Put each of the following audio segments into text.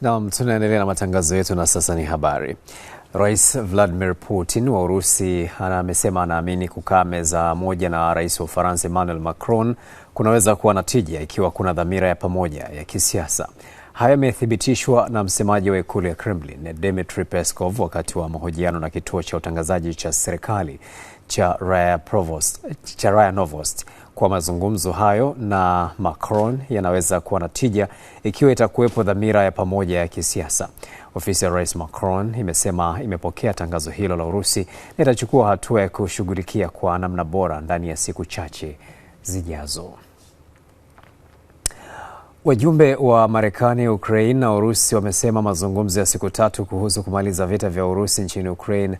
Naam, tunaendelea na matangazo yetu na sasa ni habari. Rais Vladimir Putin wa Urusi amesema anaamini kukaa meza moja na Rais wa Ufaransa Emmanuel Macron kunaweza kuwa na tija ikiwa kuna dhamira ya pamoja ya kisiasa. Hayo yamethibitishwa na msemaji wa ikulu ya Kremlin Dmitry Peskov wakati wa mahojiano na kituo cha utangazaji cha serikali. Raya Provost, Raya Novost kwa mazungumzo hayo na Macron yanaweza kuwa na tija ikiwa itakuwepo dhamira ya pamoja ya kisiasa. Ofisi ya Rais Macron imesema imepokea tangazo hilo la Urusi na itachukua hatua ya kushughulikia kwa namna bora ndani ya siku chache zijazo. Wajumbe wa Marekani, Ukraine na Urusi wamesema mazungumzo ya siku tatu kuhusu kumaliza vita vya Urusi nchini Ukraine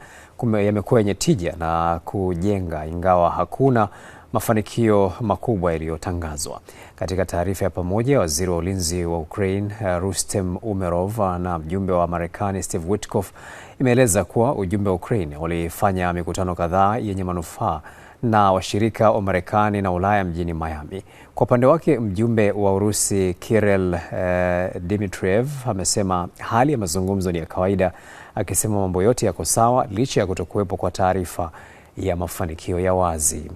yamekuwa yenye tija na kujenga, ingawa hakuna mafanikio makubwa yaliyotangazwa. Katika taarifa ya pamoja, waziri wa ulinzi wa Ukraine eh, Rustem Umerov na mjumbe wa Marekani Steve Witkoff imeeleza kuwa ujumbe wa Ukraine ulifanya mikutano kadhaa yenye manufaa na washirika wa Marekani na Ulaya mjini Miami. Kwa upande wake, mjumbe wa Urusi Kirill eh, Dmitriev amesema hali ya mazungumzo ni ya kawaida, akisema mambo yote yako sawa licha ya kutokuwepo kwa taarifa ya mafanikio ya wazi.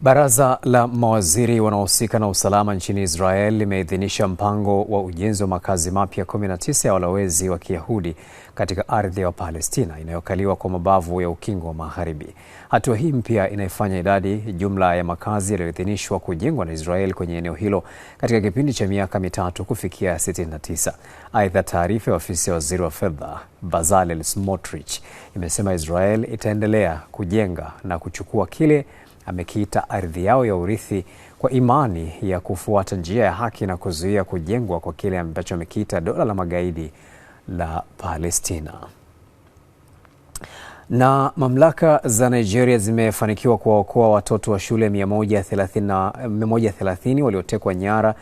Baraza la mawaziri wanaohusika na usalama nchini Israel limeidhinisha mpango wa ujenzi wa makazi mapya 19 ya walowezi wa Kiyahudi katika ardhi ya Palestina inayokaliwa kwa mabavu ya Ukingo wa Magharibi. Hatua hii mpya inaifanya idadi jumla ya makazi yaliyoidhinishwa kujengwa na Israel kwenye eneo hilo katika kipindi cha miaka mitatu kufikia 69. Aidha, taarifa ya ofisi ya waziri wa fedha Bazalel Smotrich imesema Israel itaendelea kujenga na kuchukua kile amekiita ardhi yao ya urithi kwa imani ya kufuata njia ya haki na kuzuia kujengwa kwa kile ambacho amekiita dola la magaidi la Palestina. Na mamlaka za Nigeria zimefanikiwa kuwaokoa watoto wa shule 130 waliotekwa nyara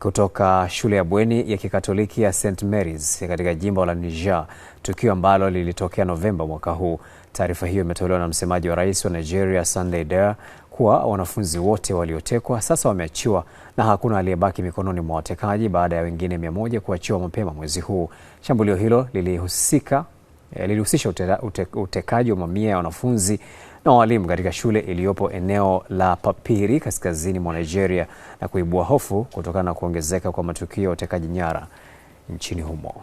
kutoka shule ya bweni ya Kikatoliki ya St Mary's katika jimbo la Niger, tukio ambalo lilitokea Novemba mwaka huu. Taarifa hiyo imetolewa na msemaji wa rais wa Nigeria Sunday Dare kuwa wanafunzi wote waliotekwa sasa wameachiwa na hakuna aliyebaki mikononi mwa watekaji baada ya wengine mia moja kuachiwa mapema mwezi huu. Shambulio hilo lilihusika eh, lilihusisha utekaji wa mamia ya wanafunzi na walimu katika shule iliyopo eneo la Papiri kaskazini mwa Nigeria na kuibua hofu kutokana na kuongezeka kwa matukio ya utekaji nyara nchini humo.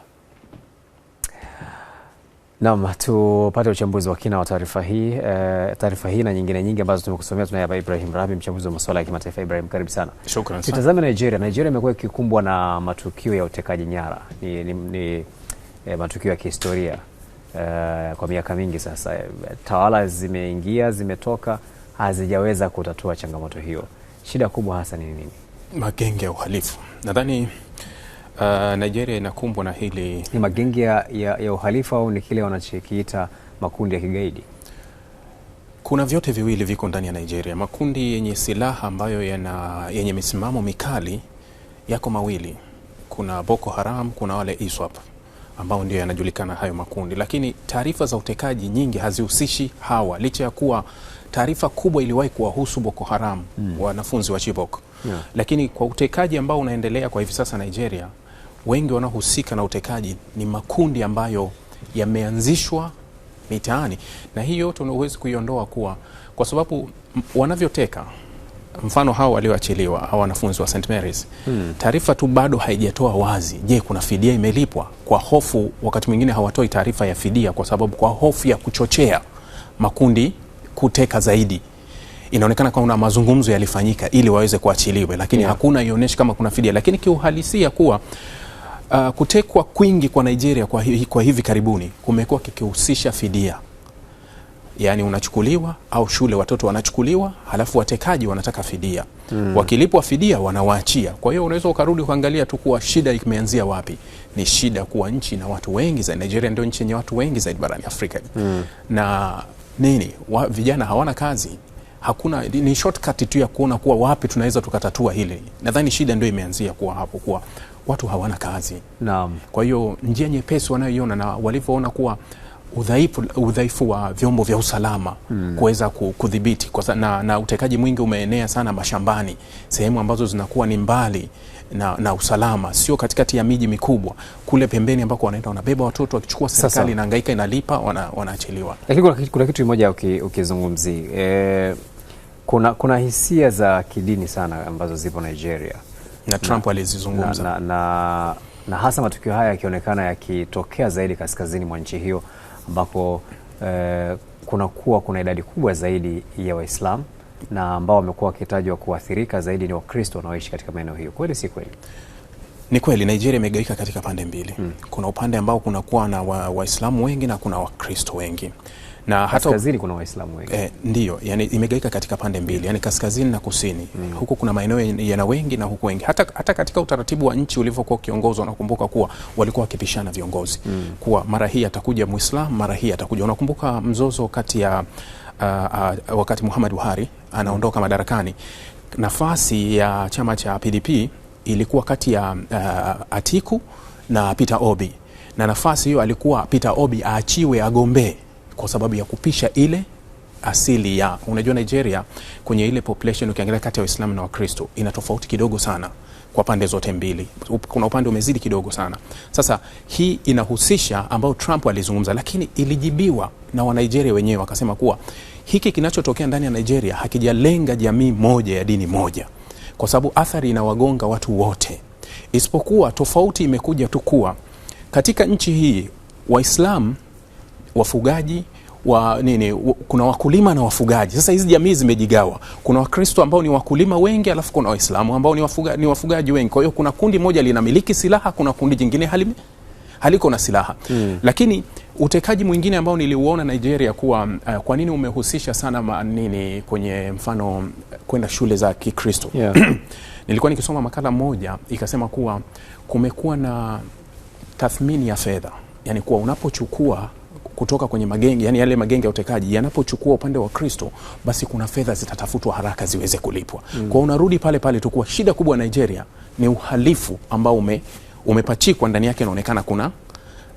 Naam, tupate uchambuzi wa kina wa taarifa hii eh, taarifa hii na nyingine nyingi ambazo tumekusomea. Tunaye hapa Ibrahim Rahbi, mchambuzi wa masuala ya kimataifa. Ibrahim, karibu sana. Shukrani sana. Tutazame Nigeria. Nigeria imekuwa ikikumbwa na matukio ya utekaji nyara, ni, ni, ni eh, matukio ya kihistoria Eh, kwa miaka mingi sasa. Tawala zimeingia zimetoka, hazijaweza kutatua changamoto hiyo. Shida kubwa hasa ni nini? Magenge ya uhalifu nadhani Uh, Nigeria inakumbwa na hili. Ni magenge ya, ya, ya uhalifu au ni kile wanachokiita makundi ya kigaidi? Kuna vyote viwili viko ndani ya Nigeria. Makundi yenye silaha ambayo yana, yenye misimamo mikali yako mawili, kuna Boko Haram, kuna wale ISWAP. E ambao ndio yanajulikana hayo makundi, lakini taarifa za utekaji nyingi hazihusishi hawa, licha ya kuwa taarifa kubwa iliwahi kuwahusu Boko Haram mm. wanafunzi wa Chibok yeah. Lakini kwa utekaji ambao unaendelea kwa hivi sasa Nigeria, wengi wanaohusika na utekaji ni makundi ambayo yameanzishwa mitaani, na hii yote unaweza kuiondoa kuwa kwa sababu wanavyoteka mfano hao walioachiliwa hao wanafunzi wa St Mary's hmm. Taarifa tu bado haijatoa wazi, je, kuna fidia imelipwa? Kwa hofu, wakati mwingine hawatoi taarifa ya fidia kwa sababu, kwa hofu ya kuchochea makundi kuteka zaidi. Inaonekana kuna mazungumzo yalifanyika ili waweze kuachiliwe, lakini yeah. hakuna ionyeshi kama kuna fidia, lakini kiuhalisia kuwa uh, kutekwa kwingi kwa Nigeria kwa hivi karibuni kumekuwa kikihusisha fidia yani unachukuliwa au shule watoto wanachukuliwa, halafu watekaji wanataka fidia mm. Wakilipwa fidia wanawaachia. Kwa hiyo unaweza ukarudi ukaangalia tu kuwa shida imeanzia wapi. Ni shida kuwa nchi na watu wengi zaidi, Nigeria ndio nchi yenye watu wengi zaidi barani Afrika mm. na nini wa, vijana hawana kazi hakuna ni shortcut tu ya kuona kuwa wapi tunaweza tukatatua hili. Nadhani shida ndio imeanzia kuwa hapo, kuwa watu hawana kazi. Naam. Kwa hiyo njia nyepesi wanayoiona na walivyoona kuwa udhaifu, udhaifu wa vyombo vya usalama hmm, kuweza kudhibiti na, na utekaji mwingi umeenea sana mashambani, sehemu ambazo zinakuwa ni mbali na, na usalama, sio katikati ya miji mikubwa, kule pembeni ambako wanaenda wanabeba watoto wakichukua, serikali inahangaika inalipa, wanaachiliwa. Lakini kuna, kuna kitu kimoja ukizungumzi e, kuna, kuna hisia za kidini sana ambazo zipo Nigeria na Trump alizizungumza na, na, na, na hasa matukio haya yakionekana yakitokea zaidi kaskazini mwa nchi hiyo ambako eh, kunakuwa kuna idadi kubwa zaidi ya Waislamu na ambao wamekuwa wakitajwa kuathirika zaidi ni Wakristo wanaoishi katika maeneo hiyo. Kweli si kweli? Ni kweli, Nigeria imegawika katika pande mbili Hmm. Kuna upande ambao kunakuwa na Waislamu wa wengi na kuna Wakristo wengi na hata kaskazini kuna Waislamu wengi eh, ndio yani imegaika katika pande mbili yani kaskazini na kusini mm. Huku kuna maeneo yana wengi na huku wengi hata, hata katika utaratibu wa nchi ulivyokuwa ukiongozwa, unakumbuka kuwa walikuwa wakipishana viongozi mm. kuwa mara hii atakuja Muislamu, mara hii atakuja. Unakumbuka mzozo kati ya uh, uh, wakati Muhammad Buhari anaondoka madarakani, nafasi ya chama cha PDP ilikuwa kati ya uh, Atiku na Peter Obi, na nafasi hiyo alikuwa Peter Obi aachiwe agombee kwa sababu ya kupisha ile asili ya unajua, Nigeria kwenye ile population ukiangalia kati ya Waislamu na Wakristo ina tofauti kidogo sana kwa pande zote mbili, kuna upande umezidi kidogo sana. Sasa hii inahusisha ambayo Trump alizungumza, lakini ilijibiwa na Wanigeria wenyewe, wakasema kuwa hiki kinachotokea ndani ya Nigeria hakijalenga jamii moja ya dini moja, kwa sababu athari inawagonga watu wote, isipokuwa tofauti imekuja tu kuwa katika nchi hii Waislamu wafugaji wa nini, kuna wakulima na wafugaji. Sasa hizi jamii zimejigawa, kuna Wakristo ambao ni wakulima wengi, alafu kuna Waislamu ambao ni, wafuga, ni wafugaji wengi. Kwa hiyo kuna kundi moja linamiliki silaha, kuna kundi jingine halime, haliko na silaha hmm. Lakini utekaji mwingine ambao niliuona Nigeria kuwa uh, kwa nini umehusisha sana ma, nini kwenye mfano kwenda shule za Kikristo yeah. Nilikuwa nikisoma makala moja ikasema kuwa kumekuwa na tathmini ya fedha, yani kuwa unapochukua kutoka kwenye magenge, yani yale magenge ya utekaji yanapochukua upande wa Kristo, basi kuna fedha zitatafutwa haraka ziweze kulipwa mm. Kwa unarudi pale pale tu kuwa shida kubwa Nigeria ni uhalifu ambao ume, umepachikwa ndani yake, inaonekana kuna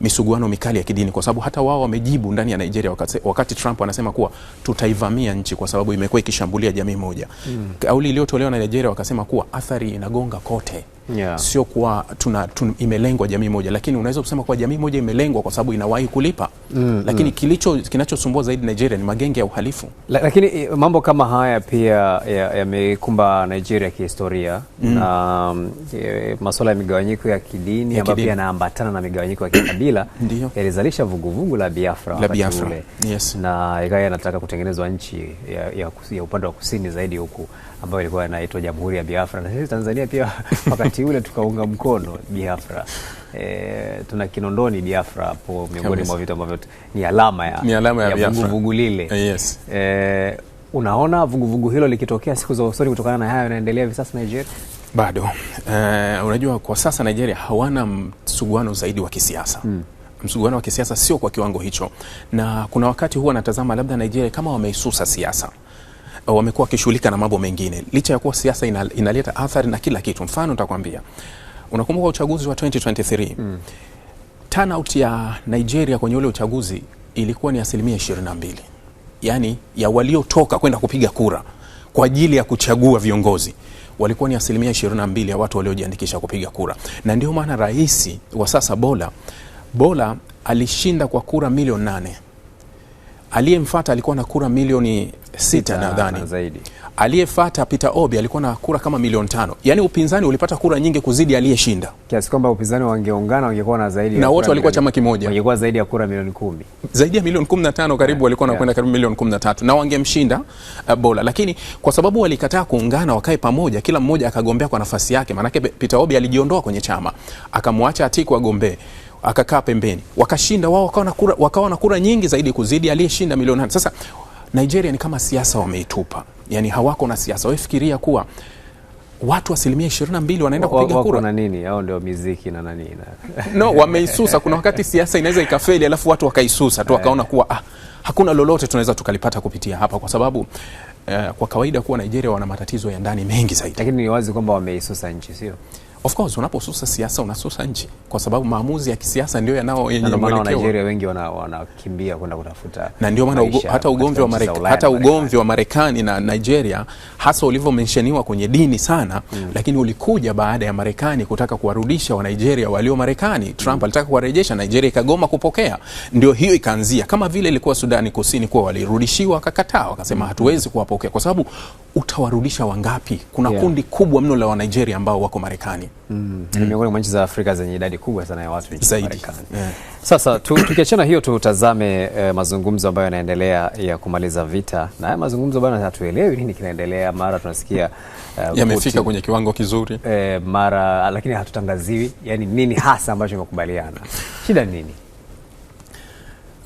misuguano mikali ya kidini, kwa sababu hata wao wamejibu ndani ya Nigeria wakati, wakati Trump anasema kuwa tutaivamia nchi kwa sababu imekuwa ikishambulia jamii moja mm. Kauli iliyotolewa na Nigeria wakasema kuwa athari inagonga kote yeah. Sio kuwa tuna, tuna, imelengwa jamii moja, lakini unaweza kusema kuwa jamii moja imelengwa kwa sababu inawahi kulipa mm, lakini mm. Kilicho kinachosumbua zaidi Nigeria ni magenge ya uhalifu. Lakini eh, mambo kama haya pia yamekumba ya Nigeria kihistoria mm. na eh, masuala ya migawanyiko ya kidini ambayo pia yanaambatana na migawanyiko ya kikabila yalizalisha vuguvugu la Biafra la Biafra. Yes. na ikawa yanataka kutengenezwa nchi ya, ya, ya upande wa kusini zaidi huku ambayo ilikuwa inaitwa Jamhuri ya Biafra, na sisi Tanzania pia wakati ule tukaunga mkono Biafra. E, tuna Kinondoni Biafra hapo, miongoni mwa vitu ambavyo ni alama ya ni alama ya vuguvugu lile. Yes. E, unaona vuguvugu hilo likitokea siku za usoni kutokana na hayo yanaendelea hivi sasa Nigeria bado. Uh, unajua kwa sasa Nigeria hawana msuguano zaidi wa kisiasa mm msuguano wa kisiasa sio kwa kiwango hicho, na kuna wakati huwa natazama labda Nigeria kama wameisusa siasa wamekuwa wakishughulika na mambo mengine, licha ya kuwa siasa inaleta athari na kila kitu. Mfano nitakwambia, unakumbuka uchaguzi wa 2023 mm. turnout ya Nigeria kwenye ule uchaguzi ilikuwa ni asilimia 22, yani ya waliotoka kwenda kupiga kura kwa ajili ya kuchagua viongozi walikuwa ni asilimia 22 ya watu waliojiandikisha kupiga kura, na ndio maana rais wa sasa Bola Bola alishinda kwa kura milioni nane. Aliyemfata alikuwa na kura milioni sita nadhani zaidi. Aliyefuata Peter Obi alikuwa na kura kama milioni tano. Yaani upinzani ulipata kura nyingi kuzidi aliyeshinda, kiasi kwamba upinzani wangeungana wangekuwa na zaidi na wote walikuwa chama kimoja, wangekuwa zaidi ya kura milioni kumi, zaidi ya milioni kumi na tano karibu, walikuwa yeah, kwenda karibu milioni kumi na tatu na wangemshinda uh, Bola, lakini kwa sababu walikataa kuungana wakae pamoja, kila mmoja akagombea kwa nafasi yake. Maanake Peter Obi alijiondoa kwenye chama akamwacha Atiku agombee akakaa pembeni, wakashinda wao, wakawa na kura, wakawa na kura nyingi zaidi kuzidi aliyeshinda milioni 8 sasa Nigeria ni kama siasa wameitupa, yani hawako na siasa. Wafikiria kuwa watu asilimia mbili wanaenda kupiga kura na nini? Hao ndio miziki na nani na no, wameisusa. Kuna wakati siasa inaweza ikafeli, alafu watu wakaisusa tu wakaona kuwa ah, hakuna lolote tunaweza tukalipata kupitia hapa, kwa sababu eh, kwa kawaida kuwa Nigeria wana matatizo ya ndani mengi zaidi, lakini ni wazi kwamba wameisusa nchi, sio Of course unaposusa siasa unasusa nchi, kwa sababu maamuzi ya kisiasa ndio yanao yenye Nigeria wengi wanakimbia kwenda kutafuta, na ndio maana hata ugomvi wa Marekani, hata ugomvi wa Marekani na Nigeria hasa ulivyo mentioniwa kwenye dini sana mm. Lakini ulikuja baada ya Marekani kutaka kuwarudisha wa Nigeria walio Marekani. Trump mm. alitaka kuwarejesha, Nigeria ikagoma kupokea, ndio hiyo ikaanzia, kama vile ilikuwa Sudani Kusini kuwa walirudishiwa wakakataa, wakasema mm. hatuwezi kuwapokea kwa sababu utawarudisha wangapi? Kuna yeah. kundi kubwa mno la wa Nigeria ambao wako Marekani mm. ni miongoni mwa nchi za Afrika zenye idadi kubwa sana ya watu nchini Marekani yeah. Sasa tu, tukiachana hiyo tutazame eh, mazungumzo ambayo yanaendelea ya kumaliza vita na haya mazungumzo bwana, hatuelewi nini kinaendelea, mara tunasikia uh, yamefika kwenye kiwango kizuri eh, mara lakini hatutangaziwi yani nini hasa ambacho imekubaliana, shida nini?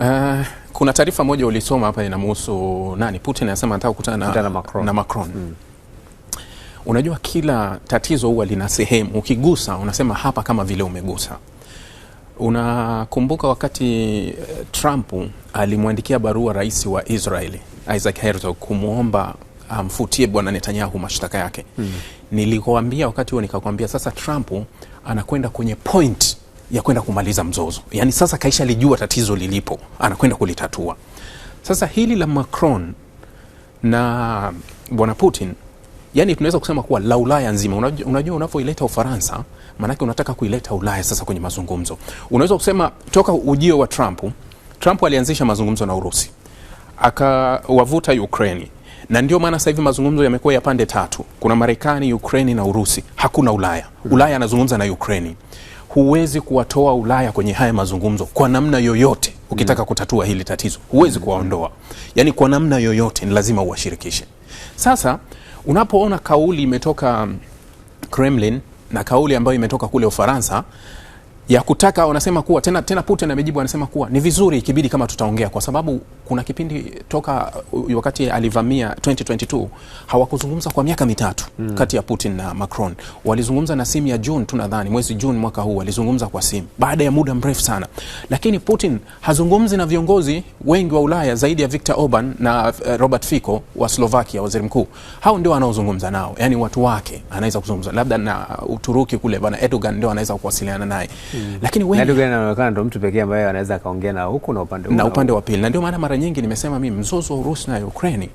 Uh, kuna taarifa moja ulisoma hapa inamhusu nani, Putin anasema anataka kukutana na, na Macron, na Macron. Mm. Unajua, kila tatizo huwa lina sehemu, ukigusa unasema hapa kama vile umegusa. Unakumbuka wakati eh, Trump alimwandikia barua rais wa Israeli Isaac Herzog kumwomba amfutie bwana Netanyahu mashtaka yake hmm. Nilikuambia wakati huo nikakwambia, sasa Trump anakwenda kwenye point ya kwenda kumaliza mzozo, yaani sasa kaisha lijua tatizo lilipo, anakwenda kulitatua. Sasa hili la Macron na bwana Putin yani tunaweza kusema kuwa la Ulaya nzima. Unajua, unavoileta Ufaransa maanake unataka kuileta Ulaya sasa kwenye mazungumzo. Unaweza kusema toka ujio wa Trump, Trump alianzisha mazungumzo na Urusi akawavuta Ukraini na ndio maana sasa hivi mazungumzo yamekuwa ya pande tatu, kuna Marekani, Ukraini na Urusi, hakuna Ulaya. Ulaya anazungumza na Ukraini. Huwezi kuwatoa Ulaya kwenye haya mazungumzo kwa namna yoyote. Ukitaka mm. kutatua hili tatizo huwezi kuwaondoa, yani kwa namna yoyote ni lazima uwashirikishe sasa Unapoona kauli imetoka Kremlin na kauli ambayo imetoka kule Ufaransa ya kutaka wanasema kuwa tena tena, Putin amejibu anasema kuwa ni vizuri ikibidi kama tutaongea, kwa sababu kuna kipindi toka uh, wakati alivamia 2022 hawakuzungumza kwa miaka mitatu mm. Kati ya Putin na Macron walizungumza na simu ya June tu, nadhani mwezi June mwaka huu walizungumza kwa simu baada ya muda mrefu sana, lakini Putin hazungumzi na viongozi wengi wa Ulaya zaidi ya Viktor Orban na uh, Robert Fico wa Slovakia, waziri mkuu. Hao ndio wanaozungumza nao, yani watu wake anaweza kuzungumza, labda na uh, Uturuki kule bwana Erdogan ndio anaweza kuwasiliana naye Mm. Lakini wengi ndio anaonekana ndio mtu pekee ambaye anaweza akaongea na huku na upande na upande wa pili, na ndio maana mara nyingi nimesema mimi mzozo wa Urusi na Ukraini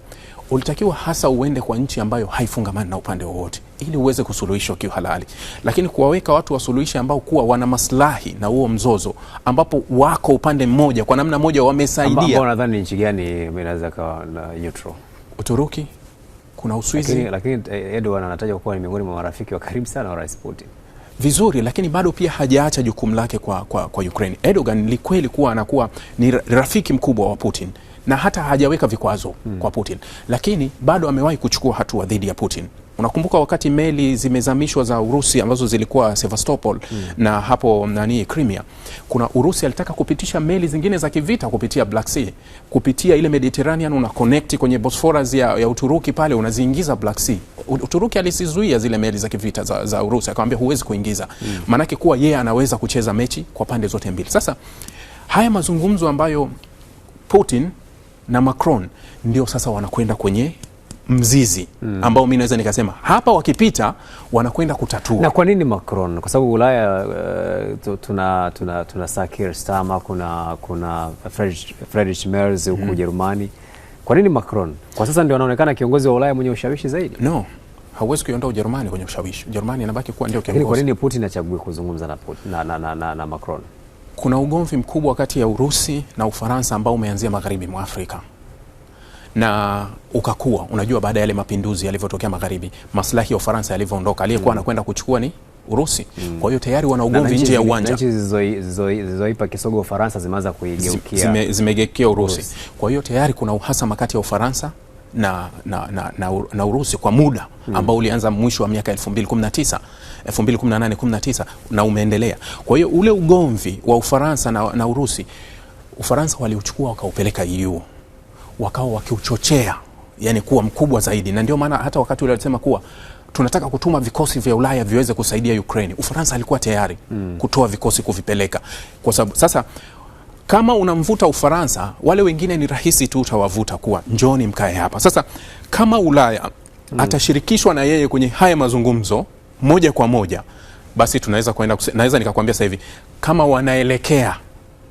ulitakiwa hasa uende kwa nchi ambayo haifungamani na upande wowote ili uweze kusuluhishwa kiuhalali, lakini kuwaweka watu wasuluhishi ambao kuwa wana maslahi na huo mzozo, ambapo wako upande mmoja kwa namna moja wamesaidia. Ambao nadhani nchi gani inaweza kawa neutral? Uturuki, kuna Uswizi, lakini lakini eh, Erdogan anataja kuwa ni miongoni mwa marafiki wa karibu sana wa Rais Putin vizuri, lakini bado pia hajaacha jukumu lake kwa, kwa, kwa Ukraine. Erdogan ni kweli kuwa anakuwa ni rafiki mkubwa wa Putin na hata hajaweka vikwazo hmm, kwa Putin, lakini bado amewahi kuchukua hatua dhidi ya Putin. Unakumbuka wakati meli zimezamishwa za Urusi ambazo zilikuwa Sevastopol mm. na hapo nani Crimea, kuna Urusi alitaka kupitisha meli zingine za kivita kupitia Black Sea, kupitia ile Mediterranean, una connect kwenye Bosphorus ya, ya Uturuki pale unaziingiza Black Sea. Uturuki alisizuia zile meli za kivita za, za Urusi, akamwambia huwezi kuingiza mm. maanake kuwa yeye anaweza kucheza mechi kwa pande zote mbili. Sasa haya mazungumzo ambayo Putin na Macron ndio sasa wanakwenda kwenye mzizi mm. ambao mi naweza nikasema hapa wakipita wanakwenda kutatua. Na kwa nini Macron? Kwa sababu Ulaya uh, tuna, tuna, tuna Sakir Stama, kuna, kuna Friedrich Merz huko hmm. Ujerumani Kwa nini Macron? Kwa sasa ndio anaonekana kiongozi wa Ulaya mwenye ushawishi zaidi. No, hauwezi kuiondoa Ujerumani kwenye ushawishi. Ujerumani inabaki kuwa ndio kiongozi. Kwa nini Putin achague kuzungumza na, na, na, na, na, na Macron? Kuna ugomvi mkubwa kati ya Urusi na Ufaransa ambao umeanzia magharibi mwa Afrika na ukakua. Unajua, baada ya yale mapinduzi yalivyotokea magharibi, maslahi ya Ufaransa yalivyoondoka, aliyekuwa mm. anakwenda kuchukua ni Urusi. Mm. Kwa hiyo tayari wana ugomvi nje ya uwanja. Nchi zilizoipa kisogo Ufaransa zimeanza kuigeukia, zimegeukia Urusi. Kwa hiyo tayari kuna uhasama kati ya Ufaransa na, na, na, na, na Urusi kwa muda mm. ambao ulianza mwisho wa miaka 2019 2018 19 na umeendelea. Kwa hiyo ule ugomvi wa Ufaransa na, na Urusi, Ufaransa waliuchukua wakaupeleka EU wakawa wakiuchochea yani kuwa mkubwa zaidi, na ndio maana hata wakati ule alisema kuwa tunataka kutuma vikosi vya Ulaya viweze kusaidia Ukraine. Ufaransa alikuwa tayari mm. kutoa vikosi kuvipeleka, kwa sababu sasa kama unamvuta Ufaransa, wale wengine ni rahisi tu utawavuta kuwa njoni mkae hapa. Sasa kama Ulaya mm. atashirikishwa na yeye kwenye haya mazungumzo moja kwa moja, basi tunaweza kwenda, naweza nikakwambia sasa hivi kama wanaelekea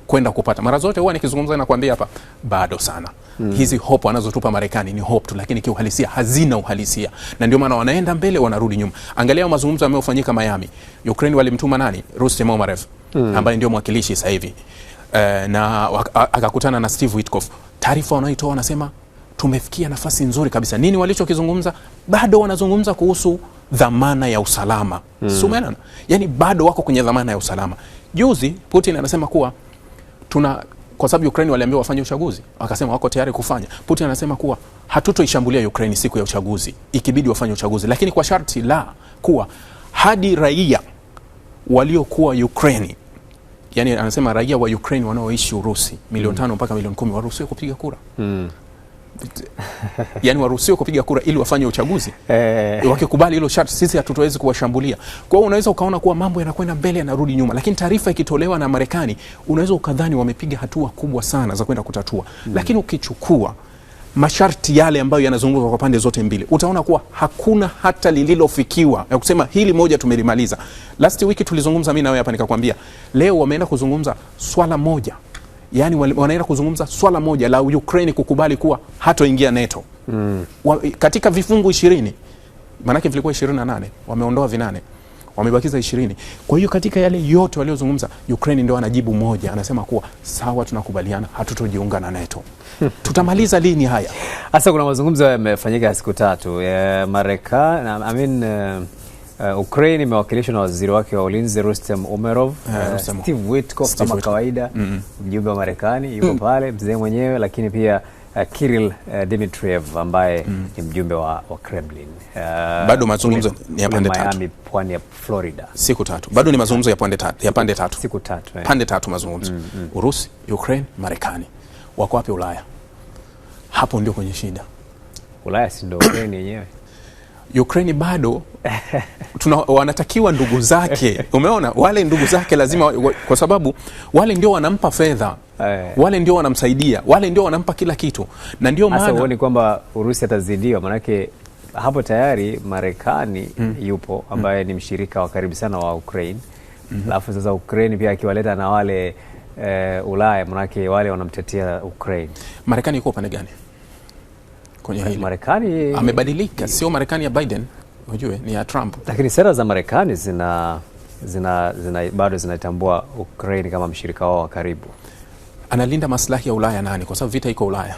kwenda kupata. Mara zote huwa nikizungumza nakwambia hapa bado sana mm. Hizi hope wanazotupa Marekani ni hope tu, lakini kiuhalisia hazina uhalisia, na ndio maana wanaenda mbele wanarudi nyuma. Angalia mazungumzo yanayofanyika Miami, Ukraine walimtuma nani? Rustem Umerov mm. ambaye ndio mwakilishi sasa hivi e, na akakutana na Steve Witkoff. Taarifa wanaitoa wanasema tumefikia nafasi nzuri kabisa. Nini walichokizungumza? Bado wanazungumza kuhusu dhamana ya usalama mm. Sumeana, yani bado wako kwenye dhamana ya usalama. Juzi Putin anasema kuwa tuna kwa sababu Ukraine waliambiwa wafanye uchaguzi, wakasema wako tayari kufanya. Putin anasema kuwa hatutoishambulia Ukraine siku ya uchaguzi, ikibidi wafanye uchaguzi, lakini kwa sharti la kuwa hadi raia waliokuwa Ukraine, yani anasema raia wa Ukraine wanaoishi Urusi milioni tano mpaka milioni kumi waruhusiwe kupiga kura mm. yani waruhusiwe kupiga kura ili wafanye uchaguzi eh. wakikubali hilo sharti, sisi hatutawezi kuwashambulia. Kwa hiyo unaweza ukaona kuwa mambo yanakwenda mbele yanarudi nyuma, lakini taarifa ikitolewa na Marekani unaweza ukadhani wamepiga hatua kubwa sana za kwenda kutatua mm. Lakini ukichukua masharti yale ambayo yanazunguka kwa pande zote mbili, utaona kuwa hakuna hata lililofikiwa ya kusema hili moja tumelimaliza. Last wiki tulizungumza mimi na wewe hapa, nikakwambia leo wameenda kuzungumza swala moja yani wanaenda kuzungumza swala moja la Ukraine kukubali kuwa hatoingia NATO mm. Wa, katika vifungu ishirini maanake vilikuwa ishirini na nane wameondoa vinane wamebakiza ishirini. Kwa hiyo katika yale yote waliozungumza, Ukraine ndio anajibu moja, anasema kuwa sawa, tunakubaliana hatutojiunga na NATO. Tutamaliza lini haya? Hasa kuna mazungumzo yamefanyika siku tatu, Marekani I mean, uh... Uh, Ukraine imewakilishwa na waziri wake wa ulinzi Rustem Umerov. Yeah, uh, Steve Witkoff kama kawaida mm -mm. mjumbe wa Marekani yuko mm. pale mzee mwenyewe, lakini pia uh, Kirill uh, Dmitriev ambaye mm. ni mjumbe wa, wa Kremlin. Uh, bado mazungumzo ni ya pande tatu. Miami, pwani ya Florida. Siku tatu. Bado ni mazungumzo ya pande tatu, ya pande tatu. Siku tatu. Eh. Pande tatu mazungumzo. Mm -mm. Urusi, Ukraine, Marekani. Wako wapi Ulaya? Hapo ndio kwenye shida. Ulaya si ndio Ukraine yenyewe? Ukraine bado tuna, wanatakiwa ndugu zake. Umeona wale ndugu zake lazima wa, kwa sababu wale ndio wanampa fedha, eh. wale ndio wanamsaidia, wale ndio wanampa kila kitu, na ndio maana huoni kwamba Urusi atazidiwa, maanake hapo tayari Marekani mm. yupo hmm. ambaye mm. ni mshirika wa karibu sana wa Ukraine hmm. alafu mm -hmm. Sasa Ukraine pia akiwaleta na wale e, Ulaya, maanake wale wanamtetea Ukraine. Marekani yuko upande gani? kwenye hili. Marekani amebadilika, sio Marekani ya Biden, unajue ni ya Trump, lakini sera za Marekani zina, zina, zina, bado zinaitambua Ukraine kama mshirika wao wa karibu. Analinda maslahi ya Ulaya nani? Kwa sababu vita iko Ulaya.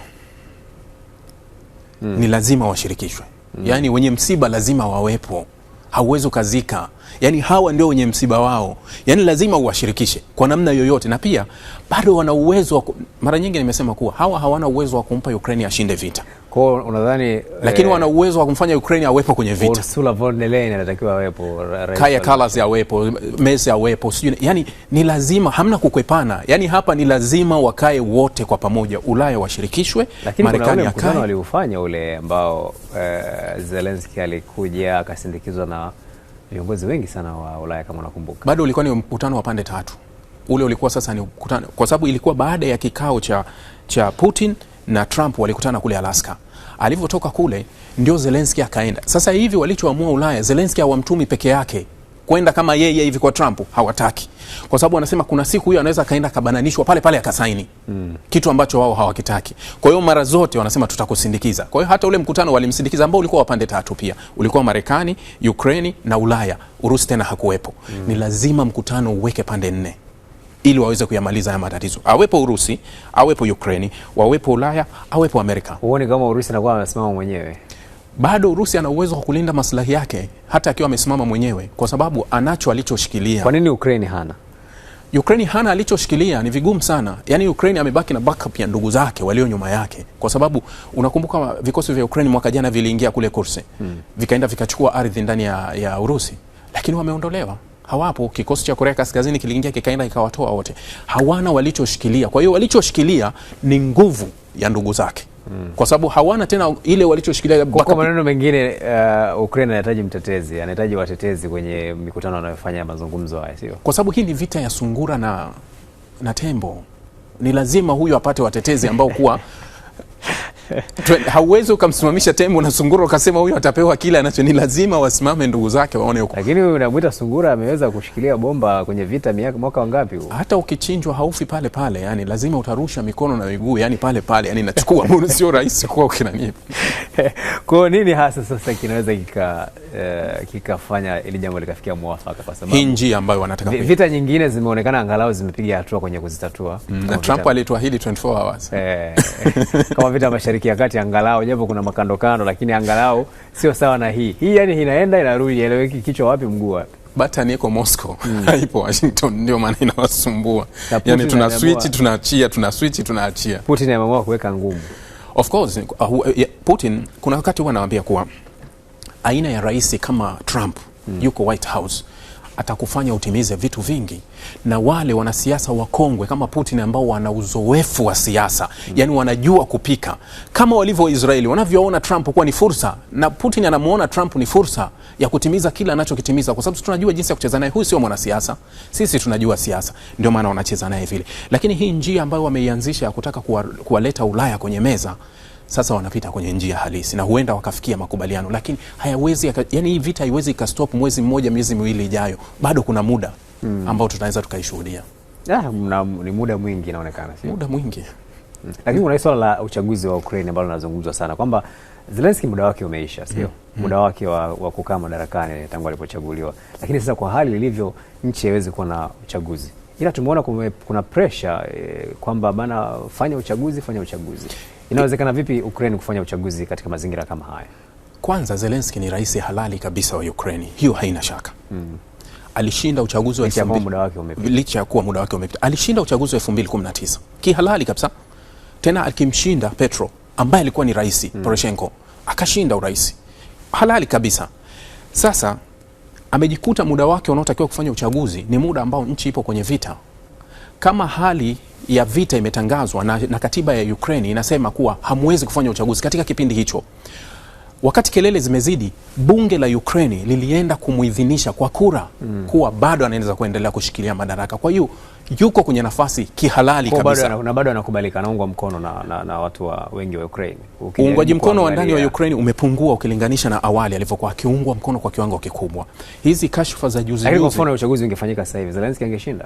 Mm. Ni lazima washirikishwe. Mm. Yaani wenye msiba lazima wawepo, hauwezi ukazika yani hawa ndio wenye msiba wao, yani lazima uwashirikishe kwa namna yoyote, na pia bado wana uwezo. wa Mara nyingi nimesema kuwa hawa hawana uwezo wa kumpa Ukraine ashinde vita kwa unadhani lakini eh, wana uwezo wa kumfanya Ukraine awepo kwenye vita. Ursula von der Leyen anatakiwa awepo, Kaya Kallas awepo, Messi awepo, sijui yani ni lazima, hamna kukwepana. Yani hapa ni lazima wakae wote kwa pamoja, Ulaya washirikishwe, Marekani akae. Lakini Waliufanya ule ambao uh, Zelensky alikuja akasindikizwa na viongozi wengi sana wa Ulaya kama unakumbuka. Bado ulikuwa ni mkutano wa pande tatu ule, ulikuwa sasa ni mkutano kwa sababu ilikuwa baada ya kikao cha, cha Putin na Trump walikutana kule Alaska. Alivyotoka kule ndio Zelensky akaenda. Sasa hivi walichoamua Ulaya, Zelensky hawamtumi peke yake kwenda kama yeye hivi kwa Trump hawataki, kwa sababu wanasema kuna siku hiyo anaweza akaenda akabananishwa pale pale akasaini mm. kitu ambacho wao hawakitaki. Kwa hiyo mara zote wanasema tutakusindikiza. Kwa hiyo hata ule mkutano walimsindikiza ambao ulikuwa wa pande tatu, pia ulikuwa Marekani, Ukraine na Ulaya. Urusi tena hakuwepo mm. ni lazima mkutano uweke pande nne ili waweze kuyamaliza haya matatizo, awepo Urusi, awepo Ukraine, wawepo Ulaya, awepo Amerika. Huoni kama Urusi anakuwa anasimama mwenyewe? bado Urusi ana uwezo wa kulinda maslahi yake hata akiwa amesimama mwenyewe, kwa sababu anacho alichoshikilia. Kwa nini Ukraini hana? Ukraini hana alichoshikilia, ni vigumu sana. Yaani Ukraini amebaki na backup ya ndugu zake walio nyuma yake, kwa sababu unakumbuka vikosi vya Ukraini mwaka jana viliingia kule Kursk hmm, vikaenda vikachukua ardhi ndani ya, ya Urusi, lakini wameondolewa hawapo. Kikosi cha Korea Kaskazini kiliingia kikaenda kikawatoa wote. Hawana walichoshikilia, kwa hiyo walichoshikilia ni nguvu ya ndugu zake mm. kwa sababu hawana tena ile walichoshikilia. Kwa maneno mengine, uh, Ukraine anahitaji mtetezi, anahitaji watetezi kwenye mikutano anayofanya mazungumzo haya, sio? Kwa sababu hii ni vita ya sungura na na tembo, ni lazima huyo apate watetezi ambao kuwa hauwezi ukamsimamisha tembo na sungura ukasema huyu atapewa kile anacho. Ni lazima wasimame ndugu zake waone huko. Lakini huyu unamwita sungura, ameweza kushikilia bomba kwenye vita miaka mwaka wangapi huo? Hata ukichinjwa haufi pale pale, yani lazima utarusha mikono na miguu, yani pale pale, yani inachukua muda, sio rahisi kwa kina nini. Kwa nini hasa sasa kinaweza kika uh, kikafanya ili jambo likafikia mwafaka, kwa sababu hii njia ambayo wanataka vita nyingine zimeonekana angalau zimepiga hatua kwenye kuzitatua, mm, na Trump alitoa hili 24 hours eh, kama vita mashariki mashariki ya kati angalau japo kuna makandokando, lakini angalau sio sawa na hii hii. Yani inaenda inarudi, eleweki kichwa wapi mguu wapi. Batani iko Moscow mm. haipo Washington, ndio maana inawasumbua yani, tuna switch tunaachia, tuna switch tunaachia. Putin ameamua kuweka ngumu. Of course uh, eh, Putin, kuna wakati huwa anawaambia kuwa aina ya rais kama Trump mm. yuko White House atakufanya utimize vitu vingi, na wale wanasiasa wakongwe kama Putin ambao wana uzoefu wa siasa mm. Yani wanajua kupika kama walivyo Israeli wanavyoona Trump kuwa ni fursa, na Putin anamuona Trump ni fursa ya kutimiza kila anachokitimiza, kwa sababu tunajua jinsi ya kucheza naye. Huyu sio mwanasiasa, sisi tunajua siasa, ndio maana wanacheza naye vile. Lakini hii njia ambayo wameianzisha ya kutaka kuwaleta kuwa Ulaya kwenye meza sasa wanapita kwenye njia halisi na huenda wakafikia makubaliano, lakini hayawezi yani, hii vita haiwezi ikastop mwezi mmoja, miezi miwili ijayo. Bado kuna muda mm. ambao tunaweza tukaishuhudia. Ah, ni muda mwingi inaonekana, sio muda mwingi mm. Lakini kuna swala la uchaguzi wa Ukraine ambalo linazungumzwa sana kwamba Zelensky muda wake umeisha, sio mm. muda wake wa, wa kukaa madarakani tangu alipochaguliwa, lakini sasa kwa hali ilivyo nchi haiwezi kuwa na uchaguzi, ila tumeona kuna pressure eh, kwamba bana, fanya uchaguzi, fanya uchaguzi Inawezekana vipi Ukraine kufanya uchaguzi katika mazingira kama haya? Kwanza, Zelensky ni rais halali kabisa wa Ukraine, hiyo haina shaka mm. Alishinda uchaguzi wa licha ya kuwa muda wake umepita, alishinda uchaguzi wa 2019 kihalali kabisa, tena akimshinda Petro ambaye alikuwa ni rais mm. Poroshenko akashinda urais halali kabisa. Sasa amejikuta muda wake unaotakiwa kufanya uchaguzi ni muda ambao nchi ipo kwenye vita. Kama hali ya vita imetangazwa na, na katiba ya Ukraine inasema kuwa hamwezi kufanya uchaguzi katika kipindi hicho. Wakati kelele zimezidi, bunge la Ukraine lilienda kumuidhinisha kwa kura mm. kuwa bado anaweza kuendelea kushikilia madaraka. Kwa hiyo yuko kwenye nafasi kihalali kabisa na bado anakubalika, anaungwa mkono na, na, na watu wa wengi wa Ukraine. Uungwaji mkono wa ndani wa Ukraine umepungua ukilinganisha na awali alivyokuwa akiungwa mkono kwa kiwango kikubwa. Hizi kashfa za juzi juzi, lakini kwa mfano uchaguzi ungefanyika sasa hivi Zelensky angeshinda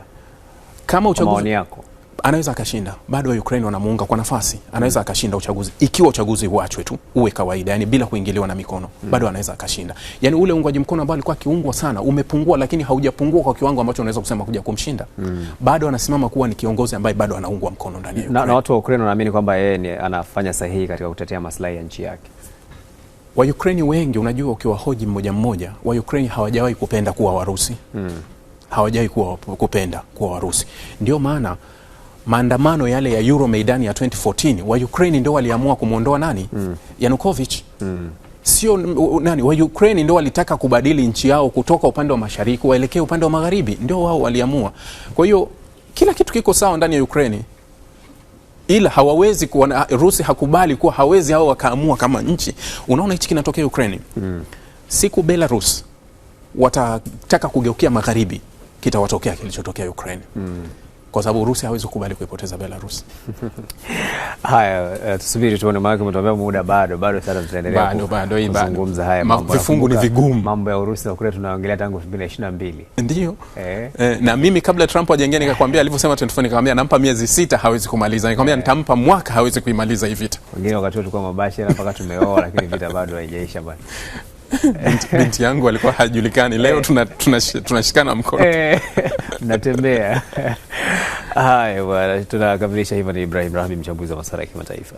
kama uchaguzi yako anaweza akashinda, bado wa Ukraine wanamuunga kwa nafasi, anaweza akashinda uchaguzi ikiwa uchaguzi uachwe tu uwe kawaida, yani bila kuingiliwa na mikono, mm. bado anaweza akashinda. Yani ule uungwaji mkono ambao alikuwa akiungwa sana umepungua, lakini haujapungua kwa kiwango ambacho unaweza kusema kuja kumshinda. Mm. Bado anasimama kuwa ni kiongozi ambaye bado anaungwa mkono ndani ya na, na watu wa Ukraine wanaamini kwamba yeye ni anafanya sahihi katika kutetea maslahi ya nchi yake. Wa Ukraine wengi, unajua, ukiwahoji mmoja mmoja, wa Ukraine hawajawahi kupenda kuwa Warusi mm. hawajawahi kuwa kupenda kuwa Warusi, ndio maana maandamano yale ya Euro Maidani ya 2014 wa Ukraine ndio waliamua kumwondoa nani? mm. Yanukovych mm. Sio nani wa Ukraine ndio walitaka kubadili nchi yao kutoka upande wa mashariki waelekee upande wa magharibi, ndio wao waliamua. Kwa hiyo kila kitu kiko sawa ndani ya Ukraine, ila hawawezi kuwa, Rusi hakubali kuwa hawezi hao wakaamua kama nchi. Unaona hichi kinatokea Ukraine mm. siku Belarus watataka kugeukia magharibi, kitawatokea kilichotokea Ukraine mm kwa sababu Urusi hawezi kukubali kuipoteza Belarus. Haya, uh, tusubiri tuone, maana umetuambia muda bado bado sana, tutaendelea kuzungumza haya mambo. Vifungu ni vigumu, mambo ya Urusi na kule tunaongelea tangu 2022 ndio eh. Eh, na mimi kabla Trump ajengea nikakwambia, alivyosema 24 nikamwambia nampa miezi sita hawezi kumaliza, nikamwambia eh, nitampa mwaka hawezi kuimaliza hii vita. Wengine wakati tulikuwa na mpaka tumeoa, lakini vita bado haijaisha bwana. binti, binti yangu alikuwa hajulikani, leo tunashikana mkono eh, natembea Haya bwana, tunakamilisha hivyo. Ni Ibrahim Rahbi, mchambuzi wa masuala ya kimataifa.